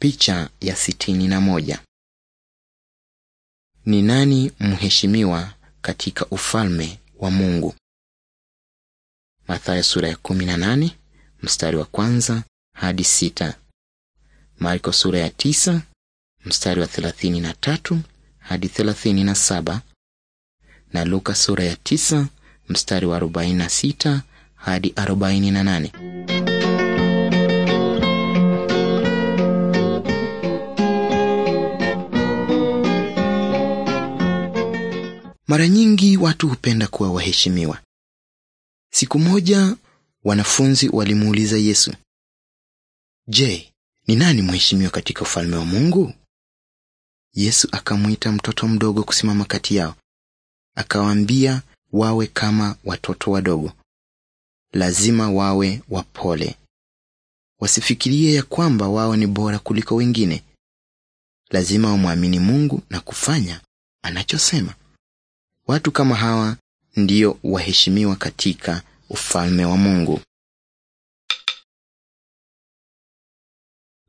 Picha ya sitini na moja. Ni nani mheshimiwa katika ufalme wa Mungu? Mathayo sura ya kumi na nane mstari wa kwanza hadi sita. Marko sura ya tisa mstari wa thelathini na tatu hadi thelathini na saba na Luka sura ya tisa mstari wa arobaini na sita hadi arobaini na nane. Mara nyingi watu hupenda kuwa waheshimiwa. Siku moja wanafunzi walimuuliza Yesu, "Je, ni nani mheshimiwa katika ufalme wa Mungu?" Yesu akamwita mtoto mdogo kusimama kati yao. Akawaambia wawe kama watoto wadogo. Lazima wawe wapole. Wasifikirie ya kwamba wao ni bora kuliko wengine. Lazima wamwamini Mungu na kufanya anachosema. Watu kama hawa ndio waheshimiwa katika ufalme wa Mungu.